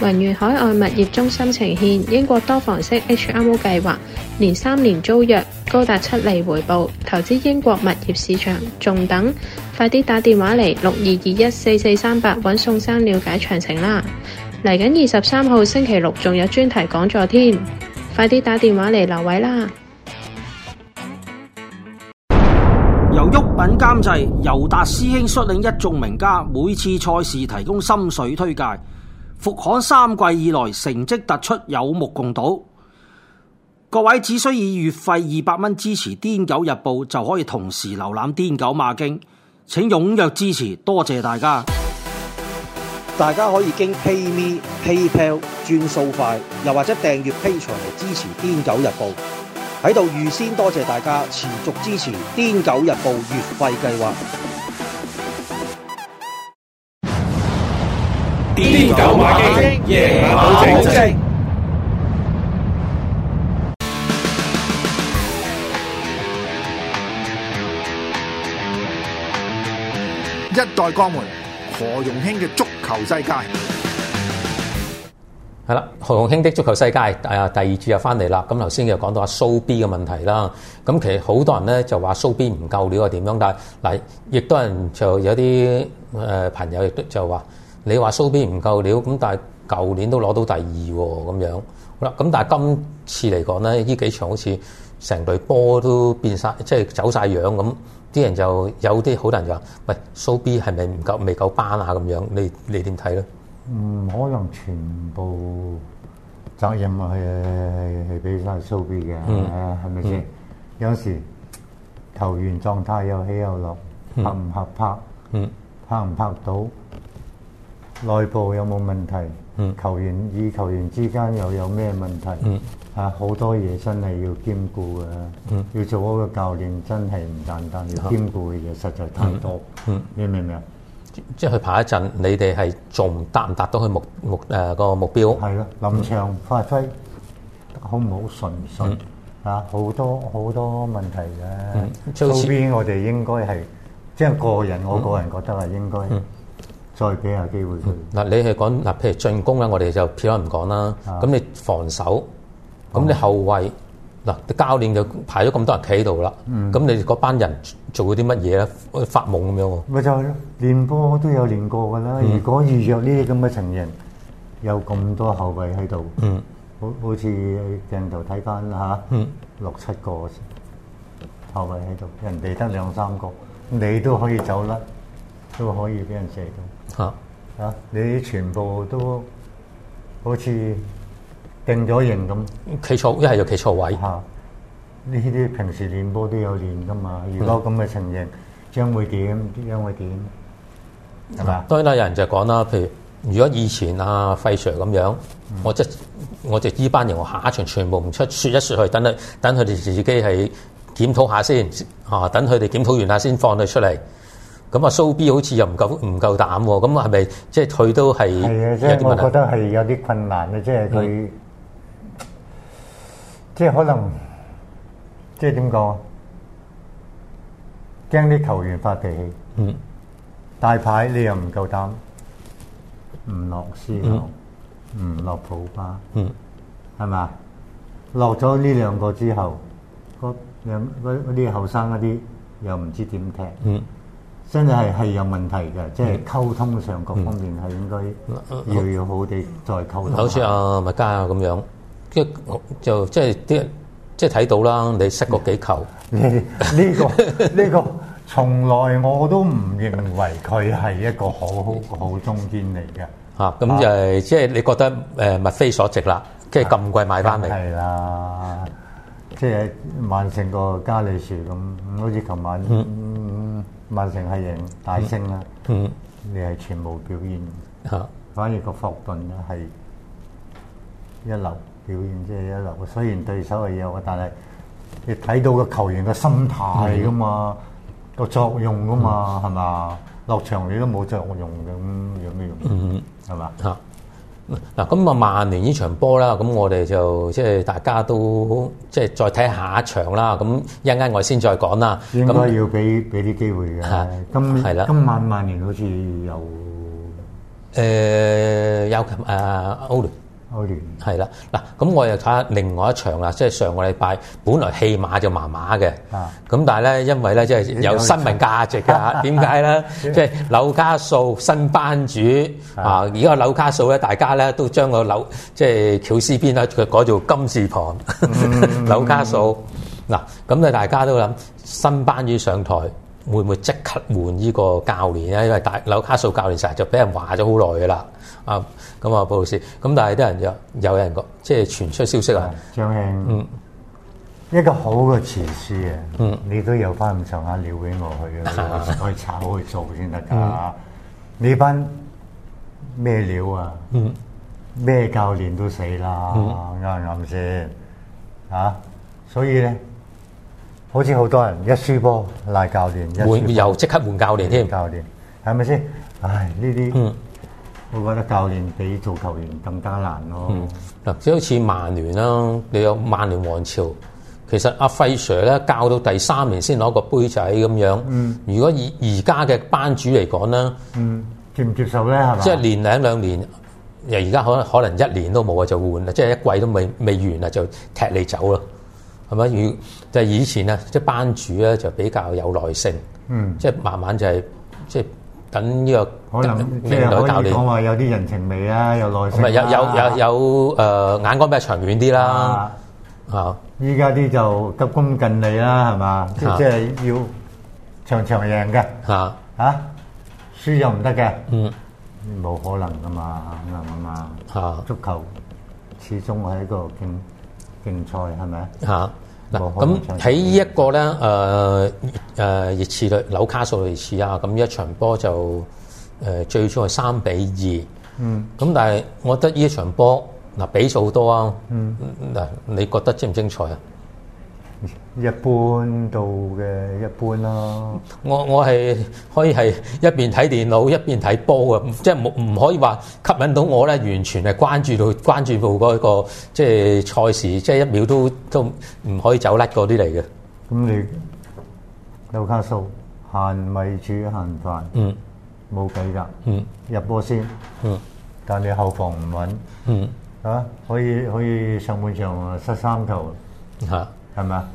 宏源海外物業中心呈現英國多房式 HMO 計劃，連三年租約高達七厘回報，投資英國物業市場仲等，快啲打電話嚟六二二一四四三八，搵宋生了解詳情啦。嚟緊二十三號星期六仲有專題講座添，快啲打電話嚟留位啦。由郁品監製，尤達師兄率領一眾名家，每次賽事提供心水推介。復刊三季以來成績突出，有目共睹。各位只需要以月費二百蚊支持《癲狗日報》，就可以同時瀏覽《癲狗馬經》。請踴躍支持，多謝大家！大家可以經 PayMe、PayPal 轉數快，又或者訂閱 Pay 牆嚟支持《癲狗日報》。喺度預先多謝大家持續支持《癲狗日報》月費計劃。九馬精，耶馬好正。一代鋼門何容興嘅足球世界，係啦，何容興的足球世界。誒，第二節又翻嚟啦。咁頭先又講到阿蘇 B 嘅問題啦。咁其實好多人咧就話蘇 B 唔夠料啊，點樣？但嗱，亦多人就有啲誒朋友就話。你話蘇 B 唔夠料咁，但係舊年都攞到第二喎，咁樣啦。咁但係今次嚟講咧，呢幾場好似成隊波都變晒，即係走晒樣咁。啲人就有啲好多人就話，喂，蘇 B 係咪唔夠、未夠班啊？咁樣，你你點睇咧？唔、嗯、可能全部責任係係係俾曬蘇 B 嘅，係咪先？是是嗯、有時球員狀態又起又落，合唔合拍，嗯嗯、拍唔拍到。內部有冇問題？球員與球員之間又有咩問題？啊，好多嘢真係要兼顧嘅。要做嗰個教練真係唔簡單，要兼顧嘅嘢實在太多。你明唔明啊？即係去排一陣，你哋係仲達唔達到佢目目誒個目標？係咯，臨場發揮好唔好順順？啊，好多好多問題嘅。周邊我哋應該係即係個人，我個人覺得係應該。再俾下機會佢。嗱，你係講嗱，譬如進攻咧，我哋就撇開唔講啦。咁你防守，咁你後衞，嗱，教練就排咗咁多人企喺度啦。咁你哋嗰班人做咗啲乜嘢咧？發夢咁樣喎。咪就係囉，練波都有練過㗎啦。如果遇著呢啲咁嘅情形，有咁多後衞喺度，好好似鏡頭睇翻吓，六七個後衞喺度，人哋得兩三個，你都可以走甩，都可以俾人射到。吓吓、啊，你全部都好似定咗型咁，企錯一係就企錯位。吓、啊，呢啲平時練波都有練噶嘛？如果咁嘅情形，將、嗯、會點？將會點？係嘛、嗯？吧當然啦，有人就講啦，譬如如果以前啊輝 Sir 咁樣，我即、嗯、我就呢班人，我下一場全部唔出，說一說去，等佢等佢哋自己係檢討下先，啊，等佢哋檢討完下先放佢出嚟。咁啊，蘇 B 好似又唔夠唔夠膽喎、哦。咁啊，係咪即係佢都係有即問我覺得係有啲困難嘅，即係佢是的 即係可能即係點講？驚啲球員發脾氣。嗯。大牌你又唔夠膽，唔落斯諾，唔落普巴。嗯。係咪啊？落咗呢兩個之後，嗰啲後生嗰啲又唔知點踢。嗯。真係係係有問題嘅，即係溝通上各方面係應該要要好好地再溝通下。好似啊麥嘉啊咁樣，即係就即係啲即係睇到啦，你失個幾球。呢呢個呢個從來我都唔認為佢係一個好好好中堅嚟嘅。啊，咁就係即係你覺得誒物非所值啦，即係咁貴買翻嚟。係啦，即係萬盛個嘉里樹咁，好似琴晚。曼城係贏大勝啦，嗯嗯、你係全無表現的，嗯、反而個霍頓咧係一流表現，即係一流。雖然對手係有，但係你睇到個球員嘅心態噶嘛，個、嗯、作用噶嘛，係嘛、嗯？落場你都冇作用咁有咩用？嗯用嗯，係嘛？嗱咁啊，曼聯呢場波啦，咁我哋就即係大家都即係再睇下一場啦。咁一陣間我先再講啦。應該要俾俾啲機會嘅。係啦。今晚曼聯好似有誒、呃、有誒、啊、歐聯。係啦，嗱，咁我又睇下另外一場啦，即係上個禮拜，本來戲碼就麻麻嘅，咁、啊、但係咧，因為咧，即、就、係、是、有新聞價值㗎。點點解咧？即係 柳家素新班主啊！而家柳家素咧，大家咧都將個柳即係喬斯邊呢，改做金字旁。嗯、 柳家素。嗱、嗯，咁、嗯、大家都諗新班主上台。會唔會即刻換呢個教練咧？因為大紐卡素教練成日就俾人話咗好耐嘅啦。啊，咁啊，布魯斯。咁但係啲人又有人講，即係傳出消息啊。張慶，一個好嘅廚師啊。嗯。你都有翻咁上下料俾我去去炒我去做先得㗎。你班咩料啊？嗯。咩教練都死啦，啱唔啱先？啊，所以咧。好似好多人一輸波賴教練，一輸又即刻換教練添，教練係咪先？唉，呢啲，嗯，我覺得教練比做球員更加難咯、哦。嗱、嗯，就好似曼聯啦，你有曼聯王朝，其實阿費 Sir 咧教到第三年先攞個杯仔咁樣。嗯，如果而而家嘅班主嚟講咧，嗯，接唔接受咧？係嘛？即係年零兩,兩年，又而家可可能一年都冇啊，就換啦，即係一季都未未完啊，就踢你走啦。係咪？以就以前咧，即班主咧就比較有耐性，即、嗯、慢慢就係即係等呢個教。可能你又可以講話有啲人情味啊，有耐性啊。有有有有、呃、眼光比較長遠啲啦。啊！依家啲就急功近利啦，係嘛？啊、即係要長長贏嘅。嚇嚇輸又唔得嘅。啊、嗯，冇可能㗎嘛，可能嘛。足球始終喺度傾精彩係咪啊？嗱，咁喺呢一個咧，熱刺對紐卡素，熱刺啊，咁一場波就、呃、最終係三比二。嗯，咁但係我覺得呢一場波嗱，比數多啊。嗯，嗱，你覺得精唔精彩啊？一般到嘅一般啦，我我係可以係一邊睇電腦一邊睇波嘅，即係唔唔可以話吸引到我咧，完全係關注到關注到嗰、那、一個即係賽事，即係一秒都都唔可以走甩嗰啲嚟嘅。咁你紐卡素限米煮限飯，嗯，冇計噶，嗯，入波先，嗯，但係你後防唔穩，嗯，啊，可以可以上半場失三球，吓、啊。係咪啊？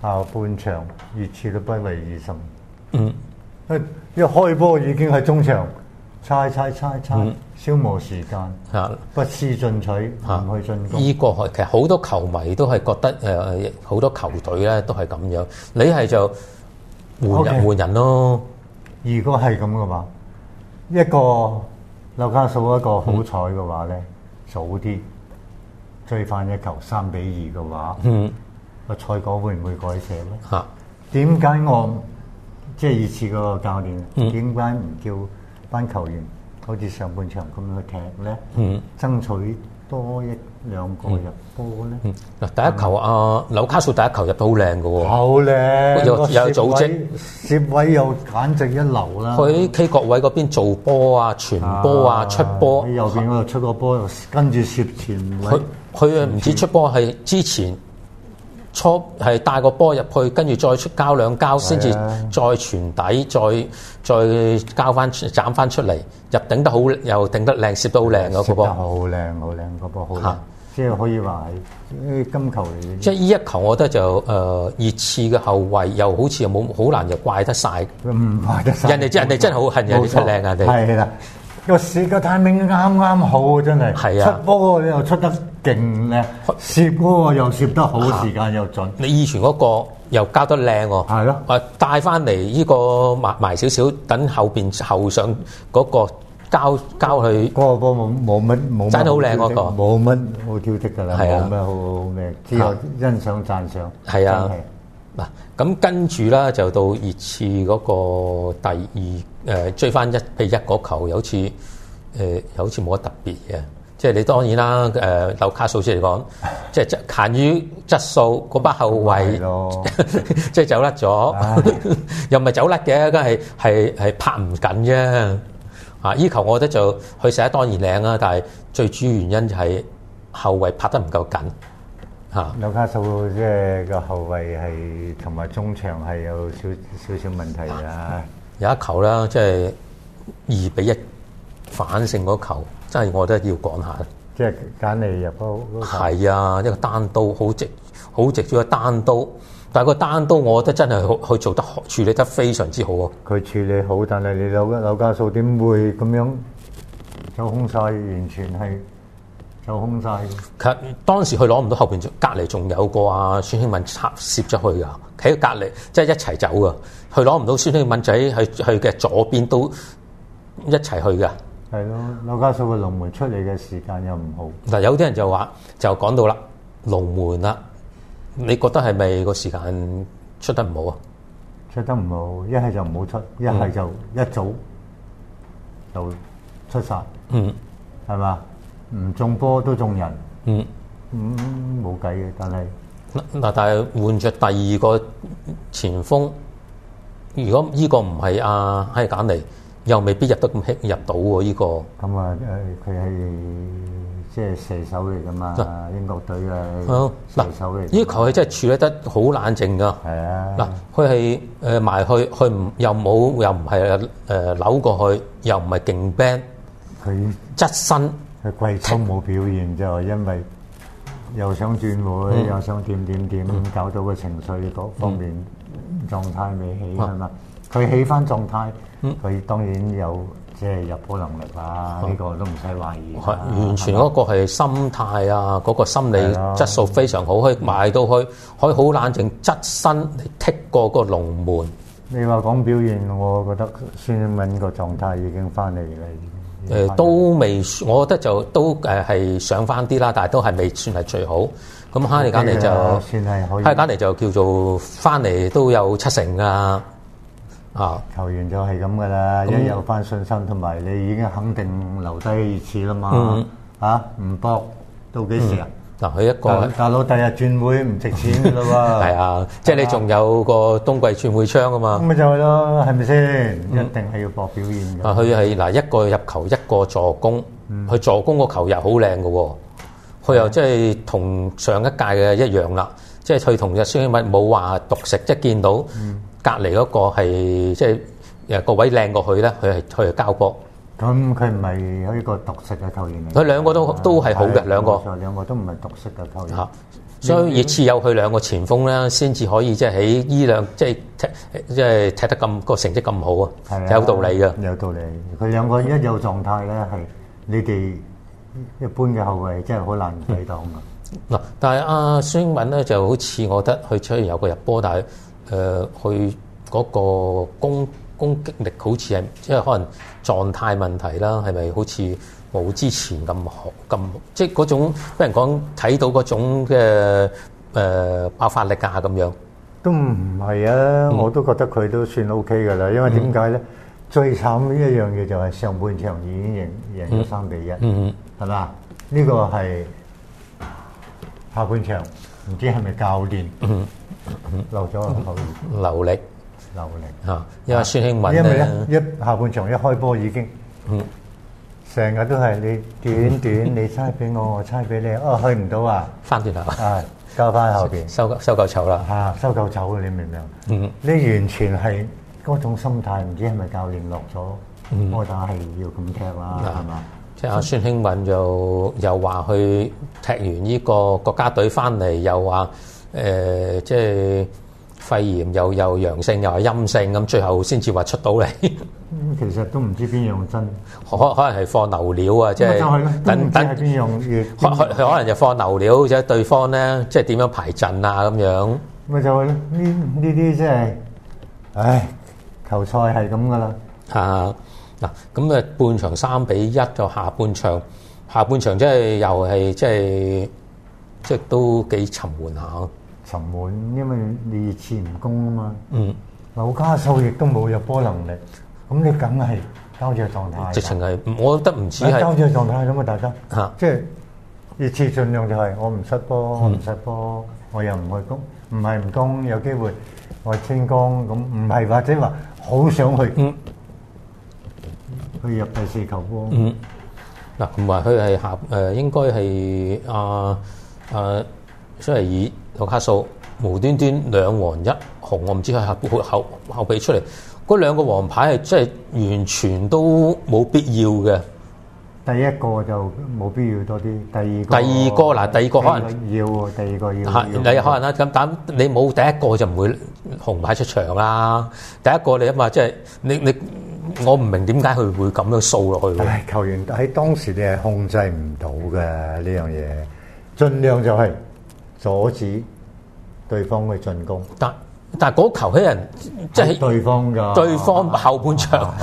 下半場熱刺都不為已甚。嗯。一開波已經喺中場，猜猜猜猜，猜，嗯、消磨時間。嚇、嗯！不思進取，唔、嗯、去進攻。依、嗯這個係其實好多球迷都係覺得誒，好、呃、多球隊咧都係咁樣。你係就換人換人，Okay. 人咯。如果係咁嘅話，一個劉家數一個好彩嘅話咧，嗯、早啲追翻一球三比二嘅話。嗯。個賽果會唔會改寫咧？嚇！點解我即係二次個教練？點解唔叫班球員好似上半場咁樣去踢咧？嗯，爭取多一兩個入波咧。嗱第一球阿紐卡素第一球入到好靚嘅喎，好靚，又有組織，攝位又簡直一流啦。佢喺 K 角位嗰邊做波啊、傳波啊、出波喺右邊嗰度出個波，又跟住攝前位。佢佢唔止出波，係之前。初係帶個波入去，跟住再出交兩交先至再傳底，再再交翻斬翻出嚟，又頂得好又頂得靚，攝得好靚嗰個波。好靚好靚個波，好靚，即係可以話係金球嚟嘅。即係呢一球，我覺得就誒熱刺嘅後衞，又好似又冇好難，就怪得晒。唔怪得晒。人哋人哋真係好恨人哋出靚啊！係啦，個攝個 timing 啱啱好真係。係啊。出波你又出得。勁叻，攝嗰個又攝得好，時間又準。你以前嗰個又交得靚喎，係咯。誒，帶翻嚟依個埋埋少少，等後邊後上嗰個交交去。嗰個波冇冇乜冇乜挑剔，冇乜好挑剔㗎啦。係啊，冇咩，之後欣賞讚賞。係啊，嗱，咁跟住啦，就到熱刺嗰個第二誒追翻一，譬如一個球，有次誒有次冇乜特別嘅。即係你當然啦，誒、呃，紐卡素先嚟講，即係限於質素，嗰 班後衞是 即係走甩咗，唉 又唔係走甩嘅，梗係係係拍唔緊啫。啊，呢球我覺得就佢射得當然靚啦，但係最主要原因就係後衞拍得唔夠緊。嚇、啊，紐卡素即係個後衞係同埋中場係有少少少問題㗎、啊。有一球啦，即係二比一反勝嗰球。真係，我都係要講下即係簡尼入鋪。係啊，一個單刀好直，好直接嘅單刀。但係個單刀，我覺得真係佢做得好，處理得非常之好啊。佢處理好，但係你樓樓價數點會咁樣走空晒？完全係走空晒。佢當時佢攞唔到後面，後邊還隔離仲有個啊，孫興慜插蝕咗去㗎。喺隔離即係一齊走㗎。佢攞唔到孫興慜仔喺佢嘅左邊都一齊去㗎。係咯，紐卡素嘅龍門出嚟嘅時間又唔好。嗱，有啲人就話就講到啦，龍門啦，你覺得係咪個時間出得唔好啊？出得唔好，一係就唔好出，一係就一早就出晒，嗯，係嘛？唔中波都中人。嗯，咁冇計嘅，但係嗱，但係換着第二個前鋒，如果呢個唔係阿希簡嚟。又未必入得咁輕入到喎呢個。咁啊，誒佢係即係射手嚟噶嘛？英國隊嘅射手嚟。呢球佢真係處理得好冷靜噶。係啊。嗱，佢係誒埋去，佢唔又冇又唔係誒扭過去，又唔係勁 band。佢側身。佢季初冇表現就係因為又想轉會，又想點點點，搞到個情緒各方面狀態未起係嘛？佢起翻狀態。佢、嗯、當然有即係入波能力啦、啊，呢、嗯、個都唔使懷疑、啊。完全嗰個係心態啊，嗰吧個心理質素非常好，的可以買到去，可以好冷靜側身踢過嗰個龍門。嗯、你話講表現，我覺得孫興敏個狀態已經翻嚟啦。誒、呃，都未，我覺得就都誒係上翻啲啦，但係都係未算係最好。咁哈利加尼就算係可以，哈利加尼就叫做翻嚟都有七成噶、啊。啊！球員就係咁噶啦，一有翻信心同埋你已經肯定留低熱刺啦嘛嚇，唔搏，到幾時啊？嗱，佢一個大佬，第日轉會唔值錢噶啦喎！係啊，即係你仲有個冬季轉會窗啊嘛，咁咪就係咯，係咪先？一定係要搏表現嘅。佢係嗱一個入球，一個助攻，佢助攻個球又好靚噶喎，佢又即係同上一屆嘅一樣啦，即係佢同日孫興慜冇話獨食，即係見到。隔離嗰個係即係誒，各、就是、位靚過佢咧，佢係佢係交波。咁佢唔係有呢個獨色嘅球員，佢兩個都都係好嘅的個，兩個兩個都唔係獨色嘅球員。嚇，所以熱刺有佢兩個前鋒咧，先至可以即係喺依兩即係、就是、踢即係、就是、踢得咁個成績咁好啊！是的有道理㗎，有道理。佢兩個一有狀態咧，係你哋一般嘅後衞真係好難抵擋噶。嗱， 但係阿孫英文咧就好似我覺得佢雖然有個入波，但係誒、呃、去嗰個攻攻擊力好似係，即係可能狀態問題啦，係咪好似冇之前咁好咁？即係嗰種，啲人講睇到嗰種嘅誒、呃、爆發力啊咁樣。都唔係啊，我都覺得佢都算 OK 㗎啦。嗯、因為點解咧？嗯、最慘呢一樣嘢就係上半場已經贏贏咗三比一，嗯，係咪啊？呢、呢個係、嗯、下半場，唔知係咪教練？嗯流咗啊！流力，流力吓，因為孫興文咧，一下半場一開波已經，嗯，成日都係你短短，你猜俾我，我猜俾你，哦，去唔到啊，翻轉頭啊，係交翻後邊，收收夠籌啦，吓，收夠籌啊，你明唔明？嗯，你完全係嗰種心態，唔知係咪教練落咗？嗯，我打係要咁踢啦，係嘛？即係阿孫興文就又話去踢完呢個國家隊翻嚟，又話。誒、呃，即係肺炎又有陽性又有陰性，咁最後先至話出到嚟。其實都唔知邊樣真，可可能係放牛料啊，即係等等邊可能就放牛料，即係對方咧，即係點樣排陣啊？咁樣咪就係、就、呢、是？呢啲即係，唉，球賽係咁噶啦。嗱、啊，咁啊半場三比一，就下半場，下半場即係又係即係，即係都幾沉悶下、啊。沉悶，因為你二次唔攻啊嘛。嗯，老加收亦都冇入波能力，咁你梗係膠著狀態。直情係，我覺得唔似係膠著狀態咁啊！大家，即係二次，盡量就係我唔失波，唔失波，我又唔去攻，唔係唔攻，有機會我清光咁，唔係或者話好想去，去入第四球波。嗱，咁話佢係下誒，應該係啊啊。即係以個卡數無端端兩黃一紅，我唔知佢後後後備出嚟嗰兩個黃牌係即係完全都冇必要嘅。第一個就冇必要多啲，第二第二個嗱，第二個可能要，第二個要。係你可能啦，咁但你冇第一個就唔會紅牌出場啦。第一個你啊嘛，即係你你我唔明點解佢會咁樣掃落去。唉，球員喺當時你係控制唔到嘅呢樣嘢，盡量就係。阻止對方嘅進攻，但但嗰球起人即係對方嘅，對方後半場，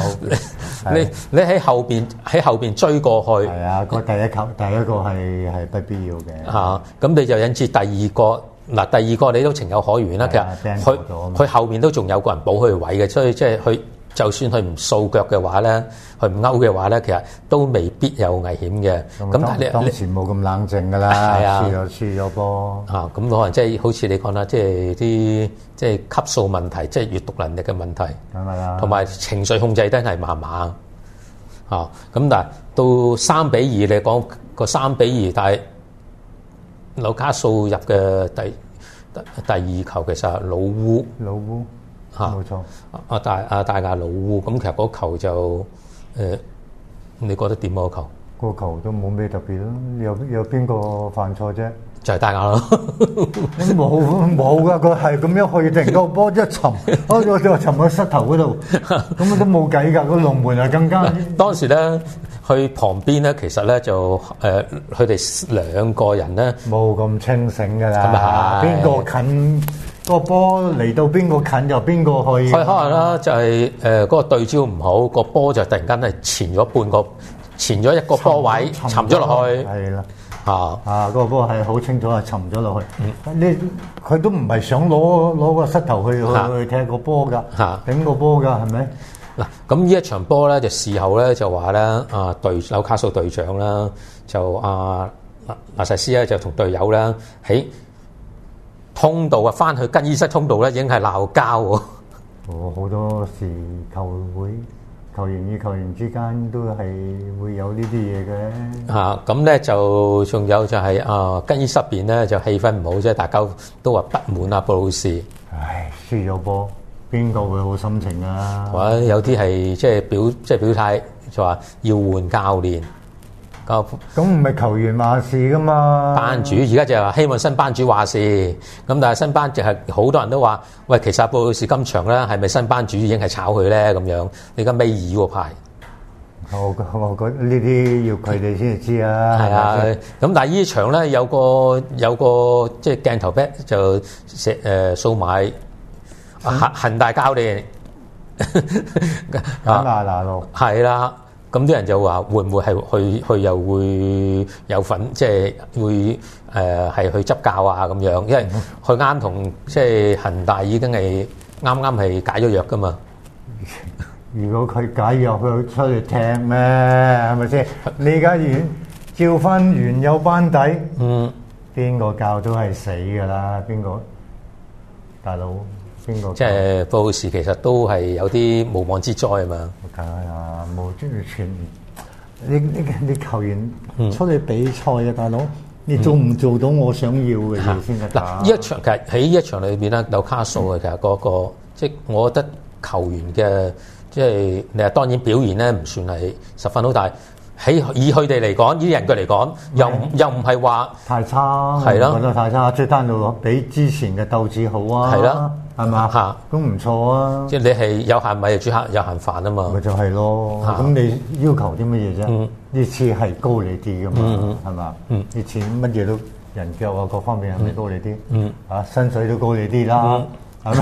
你你喺後面喺後邊追過去。係啊，個第一球第一個係不必要嘅。嚇，咁你就引致第二個嗱，第二個你都情有可原啦。其實佢佢後面都仲有個人補佢位嘅，所以即係去。就算佢唔掃腳嘅話咧，佢唔勾嘅話咧，其實都未必有危險嘅。咁但係你當時冇咁冷靜㗎啦，係啊，輸又輸咗波。啊、哦，咁可能即、就、係、是、好似你講啦、就是，即係啲即係級數問題，即係閱讀能力嘅問題，係咪啊？同埋情緒控制真係麻麻。啊、哦，咁但係到三比二你講個三比二，但係紐卡素入嘅第第二球其實係老烏。老烏。冇錯、啊，大阿、啊、大牙老烏，咁其實嗰球就、呃、你覺得點啊？個球個球都冇咩特別咯，有有邊個犯錯啫？就係大牙咯，冇冇噶，佢係咁樣去停個波一沉，我就 沉喺膝頭嗰度，咁 都冇計噶，個龍門啊更加。當時咧，去旁邊咧，其實咧就誒，佢哋兩個人咧冇咁清醒噶啦，係嘛，邊個近？個波嚟到邊個近就邊個去。佢可能咧就係誒，嗰個對焦唔好，個波就突然間係前咗半個，前咗一個波位，沉咗落去。係啦，啊啊，個波係好清楚啊，沉咗落去。嗯，你佢都唔係想攞攞個膝頭去去踢個波噶吓，頂個波噶係咪？嗱，咁呢一場波咧就事後咧就話咧啊，隊友卡索隊長啦，就阿阿塞斯咧就同隊友啦。喺。通道啊，翻去更衣室通道咧，已經係鬧交喎。哦，好多時球會、球員與球員之間都係會有呢啲嘢嘅。嚇，咁咧就仲有就係啊，更衣室入邊咧就氣氛唔好，即係大家都話不滿啊，布魯斯。唉，輸咗波，邊個會好心情啊？或者有啲係即係表即係表態，就話要換教練。咁唔係球員話事㗎嘛？班主而家就係希望新班主話事，咁但係新班就係好多人都話：喂，其實布路士今場啦，係咪新班主已經係炒佢咧？咁樣你而家咪二個牌？我我覺得呢啲要佢哋先至知啊。係啊，咁但係呢場咧有個有個即係、就是、鏡頭 back 就石誒掃埋恒大教練。咁嗱，嗱，咯係啦。咁啲人就話，會唔會係去去又會有份，即係會誒係去執教啊咁樣，因為佢啱同即係恒大已經係啱啱係解咗約噶嘛。如果佢解約，佢會出去踢咩？係咪先？你而家要照翻原有班底，嗯，邊個教都係死㗎啦，邊個？大佬，邊個？即係布魯斯其實都係有啲無妄之災啊嘛。誒，冇專業全面，你你你球員出嚟比賽嘅、嗯、大佬，你做唔做到我想要嘅嘢先得？嗱、嗯，呢一場其實喺呢一場裏邊咧有卡數嘅，嗯、其實嗰、嗰個即係我覺得球員嘅即係，你話當然表現咧唔算係十分好，大。喺以佢哋嚟講，以人腳嚟講，又、嗯、又唔係話太差，係咯，太差，即係差到比之前嘅鬥志好啊，係啦。係嘛嚇？咁唔錯啊！即係你係有限米煮客，有限飯啊嘛！咪就係咯。咁你要求啲乜嘢啫？呢次係高你啲㗎嘛？係嘛？呢次乜嘢都人腳啊，各方面係咪高你啲？嚇，薪水都高你啲啦，係咪？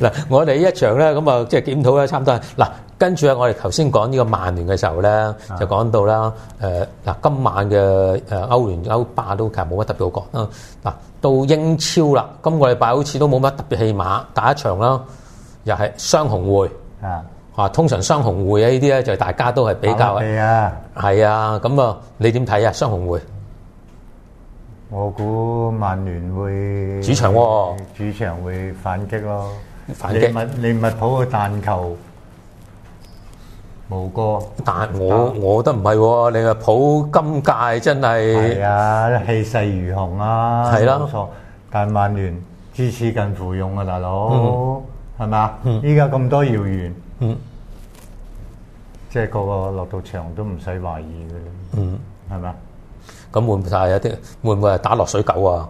嗱，我哋呢一場咧，咁啊，即係檢討咧，差唔多。嗱，跟住咧，我哋頭先講呢個曼聯嘅時候咧，就講到啦。誒，嗱，今晚嘅誒歐聯歐霸都其實冇乜特別好講啊。嗱到英超啦，今個禮拜好似都冇乜特別戲碼，打一場啦，又係雙紅會啊！啊，通常雙紅會啊呢啲咧就大家都係比較啊，係啊，咁啊，你點睇啊？雙紅會，我估曼聯會主場喎，哦，主場會反擊咯，反擊利，物利物浦利物浦嘅彈球。冇歌，但係我我覺得唔係，你話浦今屆真係係啊，氣勢如虹啊，係啦，冇錯。但係曼聯知恥近乎勇啊，大佬，係咪？依家咁多謠言，即係個個落到場都唔使懷疑嘅啦，係咪？咁會唔會係有啲？會唔會係打落水狗啊？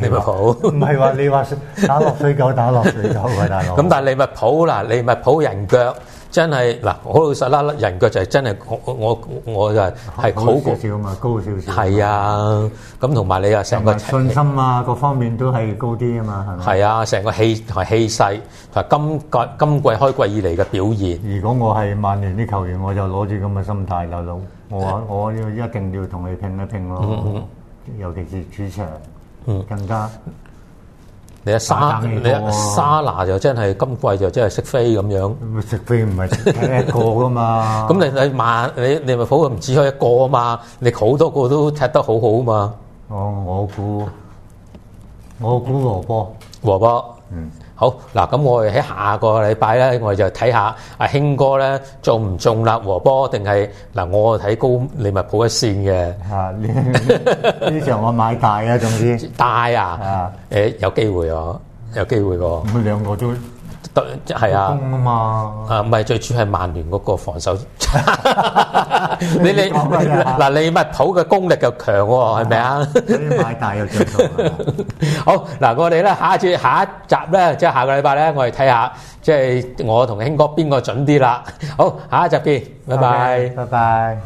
利物浦唔係話你話打落水狗，打落水狗啊，大佬。咁但係利物浦啦，利物浦人腳。真係嗱，好老實啦，人腳就係真係我我我就係好高少少啊嘛，高少少。係啊，咁同埋你啊，成個信心啊，各方面都係高啲啊嘛，係咪？係啊，成個氣同埋氣勢同埋今季今季開季以嚟嘅表現。如果我係曼聯啲球員，我就攞住咁嘅心態嚟諗，我我要一定要同你拼一拼咯，尤其是主場更加。你阿沙，你阿沙拿就真係今季就真係識飛咁樣。識飛唔係踢一個㗎嘛？咁你你萬你你咪好個唔止開一個啊嘛？你好多個都踢得好好啊嘛？哦，我估，我估和波，和波，嗯。好嗱，咁我哋喺下個禮拜咧，我哋就睇下阿興哥咧中唔中立和波定係嗱，我睇高利物浦嘅線嘅。啊，呢 場我買大啊，總之大啊，誒有機會哦，有機會，有機會兩個。咁兩個都。得係啊，攻啊嘛，啊唔係，最主要係曼聯嗰個防守。 你你嗱 利物浦嘅功力又強喎，係咪啊？所以買大又做到。 好嗱，我哋咧下一次，下一集咧，即係下個禮拜咧，我哋睇下即係、就是、我同興哥邊個準啲啦。好，下一集見，拜拜，okay, 拜拜。